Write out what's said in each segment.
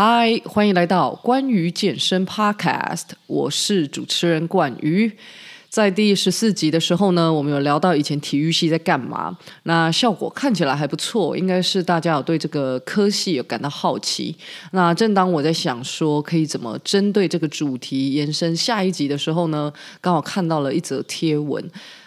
嗨，Hi, 歡迎來到關於健身 Podcast，我是主持人冠瑜。在第十四集的時候呢，我們有聊到以前體育系在幹嘛，那效果看起來還不錯，應該是大家有對這個科系有感到好奇。那正當我在想說可以怎麼針對這個主題延伸下一集的時候呢，剛好看到了一則貼文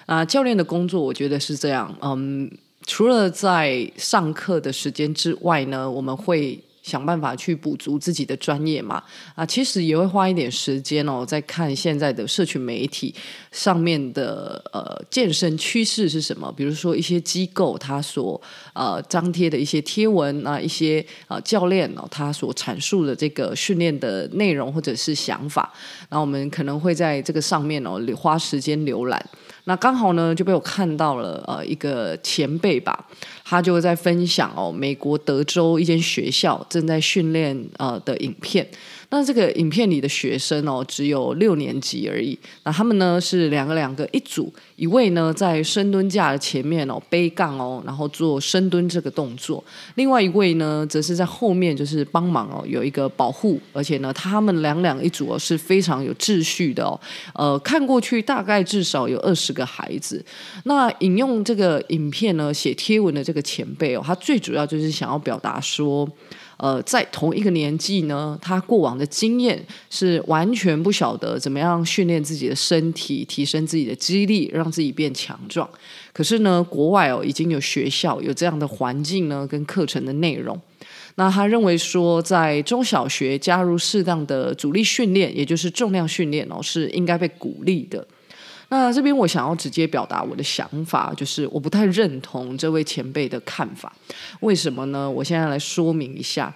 啊，那教練的工作我覺得是這樣，嗯，除了在上課的時間之外呢，我們會。想辦法去補足自己的專業嘛啊，其實也會花一點時間哦，在看現在的社群媒體上面的呃健身趨勢是什麼，比如說一些機構他所呃張貼的一些貼文啊，一些呃教練哦，他所闡述的這個訓練的內容或者是想法，那我們可能會在這個上面哦花時間瀏覽。那剛好呢，就被我看到了，呃，一個前輩吧，他就在分享哦，美國德州一間學校正在訓練，呃，的影片。那這個影片裡的學生哦，只有六年級而已。那他們呢是兩個兩個一組，一位呢在深蹲架的前面哦背槓哦，然後做深蹲這個動作，另外一位呢則是在後面就是幫忙哦，有一個保護。而且呢，他們兩兩一組哦是非常有秩序的哦。呃，看過去大概至少有二十個孩子。那引用這個影片呢寫貼文的這個前輩哦，他最主要就是想要表達說，呃，在同一個年紀呢，他過往的經驗是完全不曉得怎麼樣訓練自己的身體，提升自己的肌力，讓自己變強壯。可是呢，國外哦已經有學校有這樣的環境呢，跟課程的內容。那他認為說，在中小學加入適當的阻力訓練，也就是重量訓練哦，是應該被鼓勵的。那這邊我想要直接表達我的想法，就是我不太認同這位前輩的看法。為什麼呢？我現在來說明一下。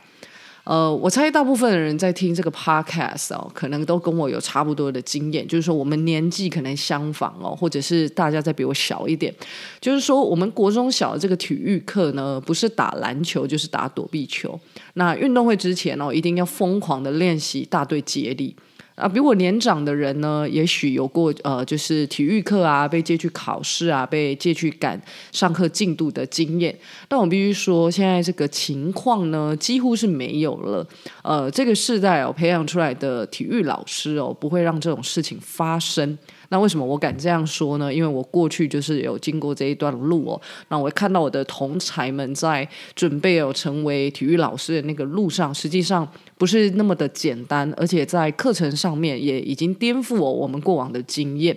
呃，我猜大部分的人在聽這個 podcast 哦，可能都跟我有差不多的經驗，就是說我們年紀可能相仿哦，或者是大家再比我小一點。就是說我們國中小的這個體育課呢，不是打籃球就是打躲避球。那運動會之前哦，一定要瘋狂的練習大隊接力。啊，比我年長的人呢，也許有過呃，就是體育課啊，被借去考試啊，被借去趕上課進度的經驗。但我必須說，現在這個情況呢，幾乎是沒有了。呃，這個世代哦，培養出來的體育老師哦，不會讓這種事情發生。那為什麼我敢這樣說呢？因為我過去就是有經過這一段路哦。那我看到我的同儕們在準備有、哦、成為體育老師的那個路上，實際上不是那麼的簡單，而且在課程上面也已經顛覆了我們過往的經驗。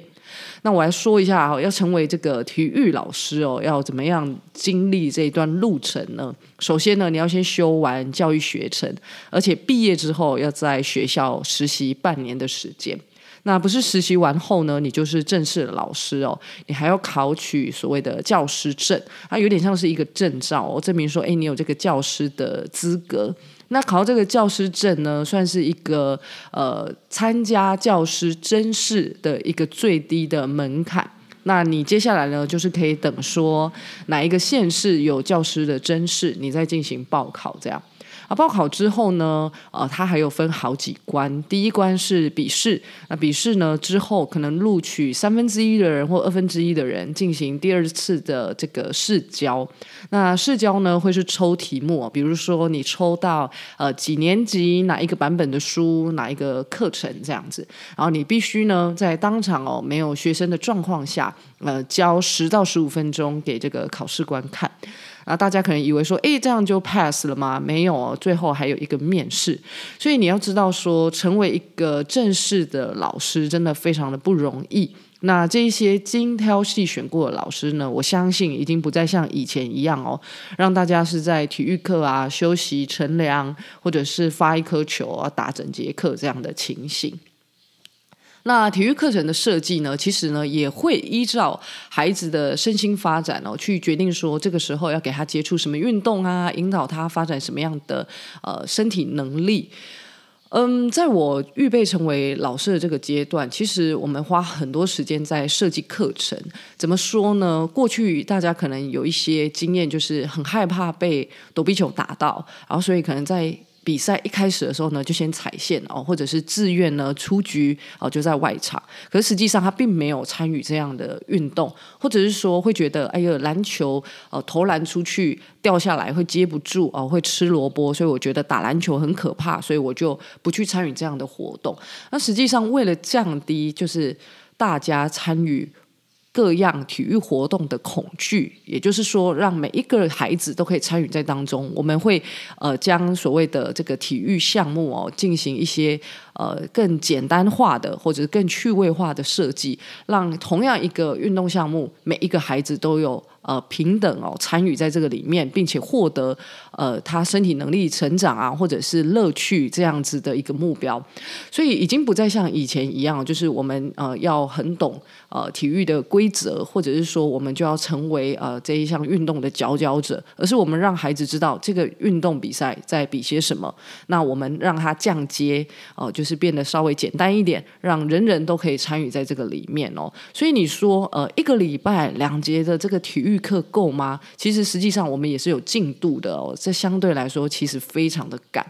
那我來說一下哦，要成為這個體育老師哦，要怎麼樣經歷這一段路程呢？首先呢，你要先修完教育學程，而且畢業之後要在學校實習半年的時間。那不是實習完後呢，你就是正式的老師哦。你還要考取所謂的教師證，啊，有點像是一個證照，哦，證明說，哎，你有這個教師的資格。那考這個教師證呢，算是一個呃，參加教師甄試的一個最低的門檻。那你接下來呢，就是可以等說哪一個縣市有教師的甄試，你再進行報考這樣。啊，報考之後呢，呃，它還有分好幾關。第一關是筆試，那筆試呢之後，可能錄取三分之一的人或二分之一的人進行第二次的這個試教。那試教呢會是抽題目，比如說你抽到呃幾年級哪一個版本的書，哪一個課程這樣子，然後你必須呢在當場哦沒有學生的狀況下，呃，教十到十五分鐘給這個考試官看。啊，大家可能以為說，哎，這樣就 pass 了嗎？沒有哦，最後還有一個面試，所以你要知道說，成為一個正式的老師，真的非常的不容易。那這些精挑細選過的老師呢，我相信已經不再像以前一樣哦，讓大家是在體育課啊休息乘涼，或者是發一顆球啊打整節課這樣的情形。那體育課程的設計呢，其實呢也會依照孩子的身心發展哦，去決定說這個時候要給他接觸什麼運動啊，引導他發展什麼樣的呃身體能力。嗯，在我預備成為老師的這個階段，其實我們花很多時間在設計課程。怎麼說呢？過去大家可能有一些經驗，就是很害怕被躲避球打到，然後所以可能在。比賽一開始的時候呢，就先踩線哦，或者是自願呢出局哦，就在外場。可是實際上他並沒有參與這樣的運動，或者是說會覺得哎呦籃球呃、哦、投籃出去掉下來會接不住哦，會吃蘿蔔，所以我覺得打籃球很可怕，所以我就不去參與這樣的活動。那實際上為了降低就是大家參與。各樣體育活動的恐懼，也就是說，讓每一個孩子都可以參與在當中。我們會呃，將所謂的這個體育項目哦，進行一些呃更簡單化的，或者是更趣味化的設計，讓同樣一個運動項目，每一個孩子都有。呃，平等哦，參與在這個裡面，並且獲得呃，他身體能力成長啊，或者是樂趣這樣子的一個目標。所以已經不再像以前一樣，就是我們呃要很懂呃體育的規則，或者是說我們就要成為呃這一項運動的佼佼者，而是我們讓孩子知道這個運動比賽在比些什麼。那我們讓他降階哦，呃，就是變得稍微簡單一點，讓人人都可以參與在這個裡面哦。所以你說呃，一個禮拜兩節的這個體育課夠嗎？其實實際上我們也是有進度的哦，這相對來說其實非常的趕，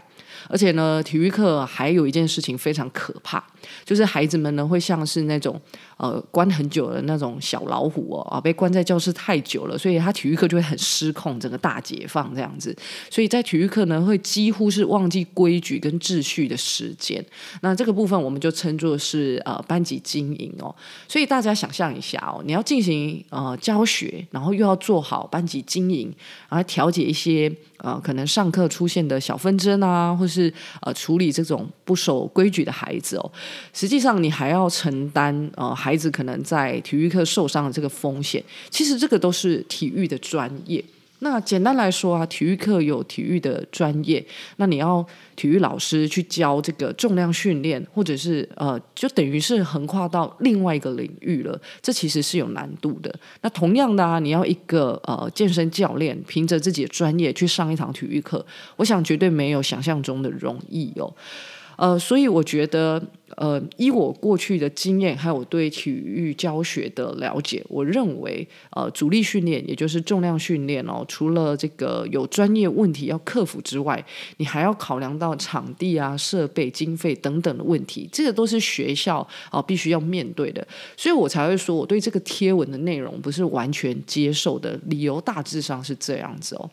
而且呢，體育課還有一件事情非常可怕，就是孩子們呢會像是那種呃關很久的那種小老虎哦啊、呃，被關在教室太久了，所以他體育課就會很失控，整個大解放這樣子，所以在體育課呢會幾乎是忘記規矩跟秩序的時間。那這個部分我們就稱作是呃班級經營哦，所以大家想象一下哦，你要進行呃教學，然後，又要做好班級經營，來、啊、調解一些呃可能上課出現的小紛爭啊，或是呃處理這種不守規矩的孩子哦。實際上，你還要承擔呃孩子可能在體育課受傷的這個風險。其實，這個都是體育的專業。那簡單來說啊，體育課有體育的專業，那你要體育老師去教這個重量訓練，或者是呃，就等於是橫跨到另外一個領域了，這其實是有難度的。那同樣的啊，你要一個呃健身教練憑着自己的專業去上一堂體育課，我想絕對沒有想象中的容易哦。呃，所以我覺得。呃，依我過去的經驗，還有我對體育教學的了解，我認為，呃，阻力訓練，也就是重量訓練哦，除了這個有專業問題要克服之外，你還要考量到場地啊、設備、經費等等的問題，這個都是學校啊必須要面對的，所以我才會說我對這個貼文的內容不是完全接受的理由，大致上是這樣子哦。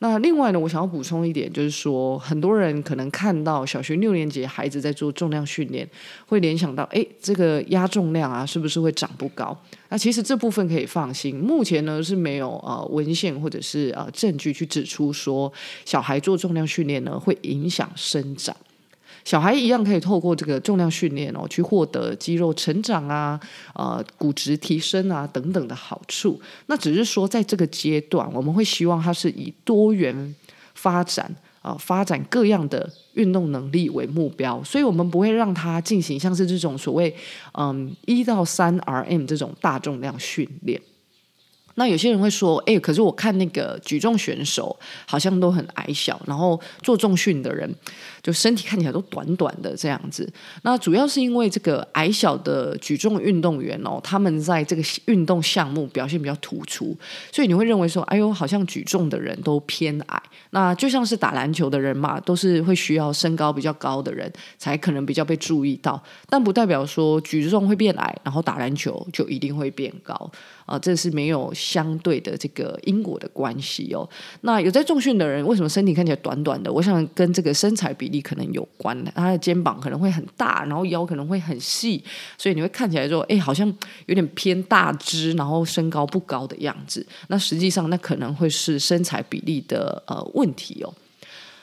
那另外呢，我想要補充一點，就是說，很多人可能看到小學六年級孩子在做重量訓練，會聯想到，哎，這個壓重量啊，是不是會長不高？那其實這部分可以放心，目前呢是沒有呃文獻或者是呃證據去指出說小孩做重量訓練呢會影響生長。小孩一樣可以透過這個重量訓練哦，去獲得肌肉成長啊，呃，骨質提升啊等等的好處。那只是說，在這個階段，我們會希望他是以多元發展啊，呃，發展各樣的運動能力為目標，所以我們不會讓他進行像是這種所謂嗯一到三 RM 這種大重量訓練。那有些人會說：“哎，可是我看那個舉重選手好像都很矮小，然後做重訓的人就身體看起來都短短的這樣子。”那主要是因為這個矮小的舉重運動員哦，他們在這個運動項目表現比較突出，所以你會認為說：“哎呦，好像舉重的人都偏矮。”那就像是打籃球的人嘛，都是會需要身高比較高的人才可能比較被注意到，但不代表說舉重會變矮，然後打籃球就一定會變高啊！這是沒有。相對的這個因果的關係哦，那有在重訓的人，為什麼身體看起來短短的？我想跟這個身材比例可能有關。他的肩膀可能會很大，然後腰可能會很細，所以你會看起來說，誒，好像有點偏大只，然後身高不高的樣子。那實際上，那可能會是身材比例的呃問題哦。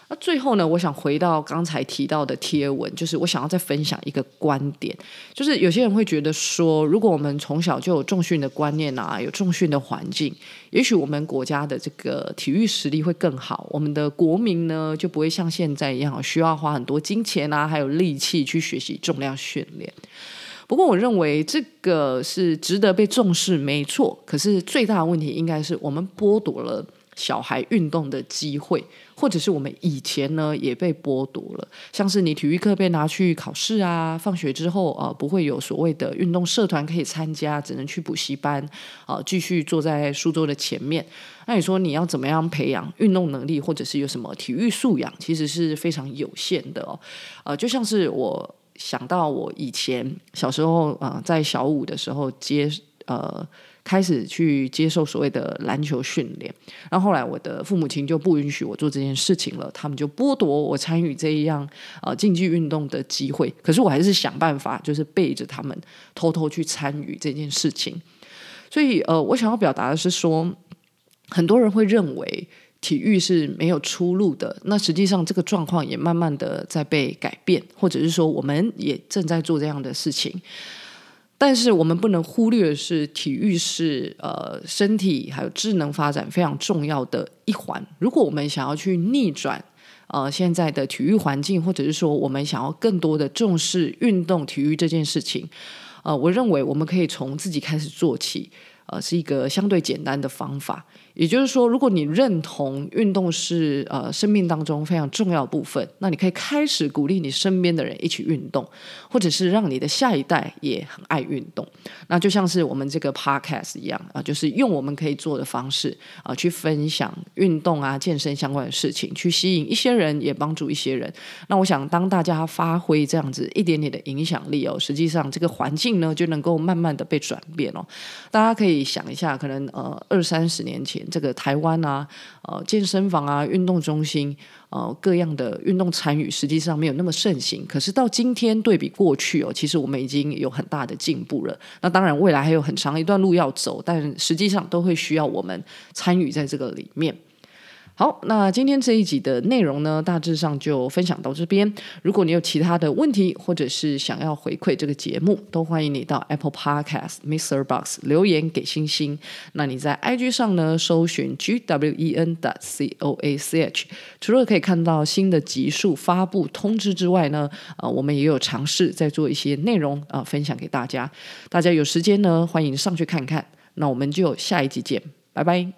那、啊、最後呢，我想回到剛才提到的貼文，就是我想要再分享一個觀點，就是有些人會覺得說，如果我們從小就有重訓的觀念啊，有重訓的環境，也許我們國家的這個體育實力會更好，我們的國民呢就不會像現在一樣、啊、需要花很多金錢啊，還有力氣去學習重量訓練。不過，我認為這個是值得被重視，沒錯。可是最大的問題應該是，我們剝奪了。小孩運動的機會，或者是我們以前呢也被剝奪了，像是你體育課被拿去考試啊，放學之後啊、呃，不會有所謂的運動社團可以參加，只能去補習班，啊、呃，繼續坐在書桌的前面。那你說你要怎麼樣培養運動能力，或者是有什麼體育素養，其實是非常有限的哦。呃，就像是我想到我以前小時候啊、呃，在小五的時候接呃。開始去接受所謂的籃球訓練，然後後來我的父母親就不允許我做這件事情了，他們就剝奪我參與這一樣呃競技運動的機會。可是我還是想辦法，就是背着他們偷偷去參與這件事情。所以呃，我想要表達的是說，很多人會認為體育是沒有出路的，那實際上這個狀況也慢慢的在被改變，或者是說我們也正在做這樣的事情。但是我們不能忽略的是，體育是呃身體還有智能發展非常重要的一環。如果我們想要去逆轉呃現在的體育環境，或者是說我們想要更多的重視運動體育這件事情，呃，我認為我們可以從自己開始做起，呃，是一個相對簡單的方法。也就是說，如果你認同運動是呃生命當中非常重要部分，那你可以開始鼓勵你身邊的人一起運動，或者是讓你的下一代也很愛運動。那就像是我們這個 podcast 一樣啊、呃，就是用我們可以做的方式啊、呃，去分享運動啊、健身相關的事情，去吸引一些人，也幫助一些人。那我想，當大家發揮這樣子一點點的影響力哦，實際上這個環境呢就能夠慢慢的被轉變哦。大家可以想一下，可能呃二三十年前。這個台灣啊，呃，健身房啊，運動中心，呃，各樣的運動參與，實際上沒有那麼盛行。可是到今天對比過去哦，其實我們已經有很大的進步了。那當然，未來還有很長一段路要走，但實際上都會需要我們參與在這個裡面。好，那今天這一集的內容呢，大致上就分享到這邊。如果你有其他的問題，或者是想要回饋這個節目，都歡迎你到 Apple Podcast Mixer Box 留言給星星。那你在 IG 上呢，搜尋 gwen.coach，除了可以看到新的集數發佈通知之外呢，啊、呃，我們也有嘗試在做一些內容啊、呃，分享給大家。大家有時間呢，歡迎上去看看。那我們就下一集見，拜拜。